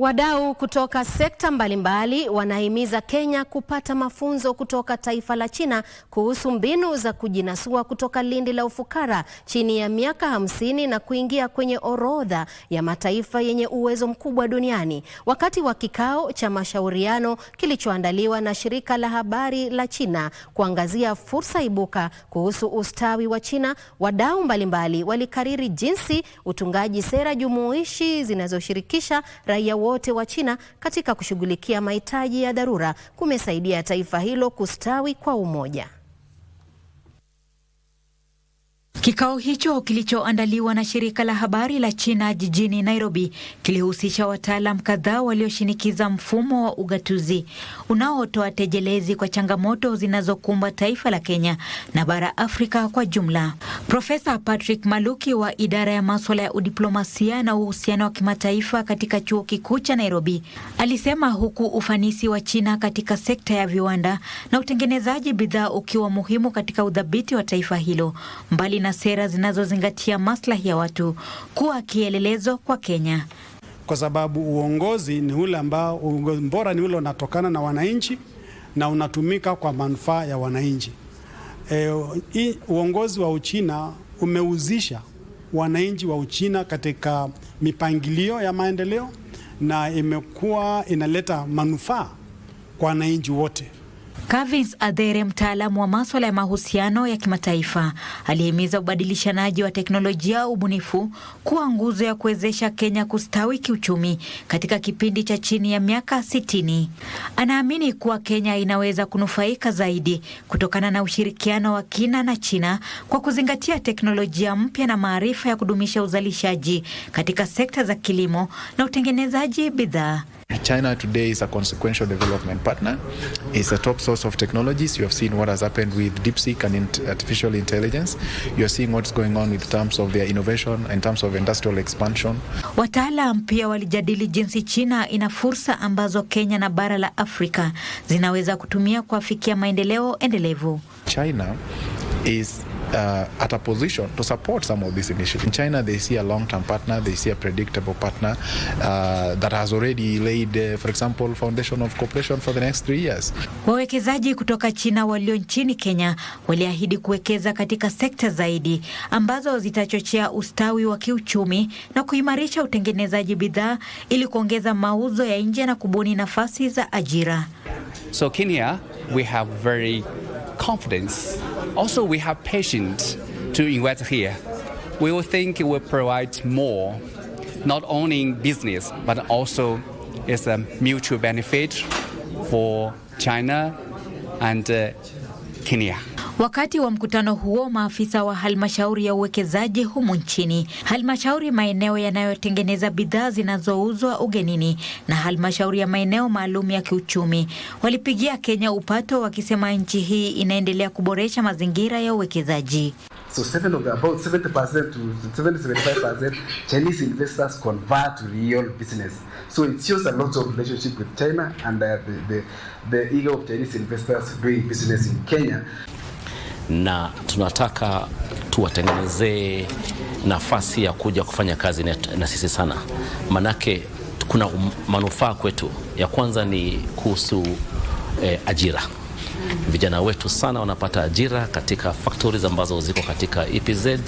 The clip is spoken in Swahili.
Wadau kutoka sekta mbalimbali wanahimiza Kenya kupata mafunzo kutoka taifa la China kuhusu mbinu za kujinasua kutoka lindi la ufukara chini ya miaka hamsini na kuingia kwenye orodha ya mataifa yenye uwezo mkubwa duniani. Wakati wa kikao cha mashauriano kilichoandaliwa na shirika la habari la China kuangazia fursa ibuka kuhusu ustawi wa China, wadau mbalimbali walikariri jinsi utungaji sera jumuishi zinazoshirikisha raia wote wa China katika kushughulikia mahitaji ya dharura kumesaidia taifa hilo kustawi kwa umoja. Kikao hicho kilichoandaliwa na shirika la habari la China jijini Nairobi kilihusisha wataalam kadhaa walioshinikiza mfumo wa ugatuzi unaotoa tejelezi kwa changamoto zinazokumba taifa la Kenya na bara Afrika kwa jumla. Profesa Patrick Maluki wa idara ya maswala ya udiplomasia na uhusiano wa kimataifa katika chuo kikuu cha Nairobi alisema huku ufanisi wa China katika sekta ya viwanda na utengenezaji bidhaa ukiwa muhimu katika udhabiti wa taifa hilo, mbali na na sera zinazozingatia maslahi ya watu kuwa kielelezo kwa Kenya, kwa sababu uongozi ni ule ambao, uongozi bora ni ule unatokana na wananchi na unatumika kwa manufaa ya wananchi. E, uongozi wa Uchina umeuzisha wananchi wa Uchina katika mipangilio ya maendeleo na imekuwa inaleta manufaa kwa wananchi wote. Kavins Adhere, mtaalamu wa maswala ya mahusiano ya kimataifa, alihimiza ubadilishanaji wa teknolojia ubunifu kuwa nguzo ya kuwezesha Kenya kustawi kiuchumi katika kipindi cha chini ya miaka sitini. Anaamini kuwa Kenya inaweza kunufaika zaidi kutokana na ushirikiano wa kina na China kwa kuzingatia teknolojia mpya na maarifa ya kudumisha uzalishaji katika sekta za kilimo na utengenezaji bidhaa. China today is a consequential development partner. It's a top source of technologies. You have seen what has happened with DeepSeek and artificial intelligence. You are seeing what's going on with terms of their innovation in terms of industrial expansion. Wataalam pia walijadili jinsi China ina fursa ambazo Kenya na bara la Afrika zinaweza kutumia kuafikia maendeleo endelevu. China is uh, at a position to support some of these initiatives. In China, they see a long-term partner, they see a predictable partner uh, that has already laid, uh, for example, foundation of cooperation for the next three years. Wawekezaji kutoka China walio nchini Kenya waliahidi kuwekeza katika sekta zaidi ambazo zitachochea ustawi wa kiuchumi na kuimarisha utengenezaji bidhaa ili kuongeza mauzo ya nje na kubuni nafasi za ajira. So Kenya, we have very confidence. Also, we have patience to invest here. We will think it will provide more, not only in business, but also it's a mutual benefit for China and uh, Kenya. Wakati wa mkutano huo, maafisa wa halmashauri ya uwekezaji humu nchini, halmashauri maeneo yanayotengeneza bidhaa zinazouzwa ugenini na halmashauri ya maeneo maalum ya kiuchumi walipigia Kenya upato, wakisema nchi hii inaendelea kuboresha mazingira ya uwekezaji. So na tunataka tuwatengenezee nafasi ya kuja kufanya kazi na, na sisi sana, manake kuna um, manufaa kwetu. Ya kwanza ni kuhusu eh, ajira. Vijana wetu sana wanapata ajira katika factories ambazo ziko katika EPZ.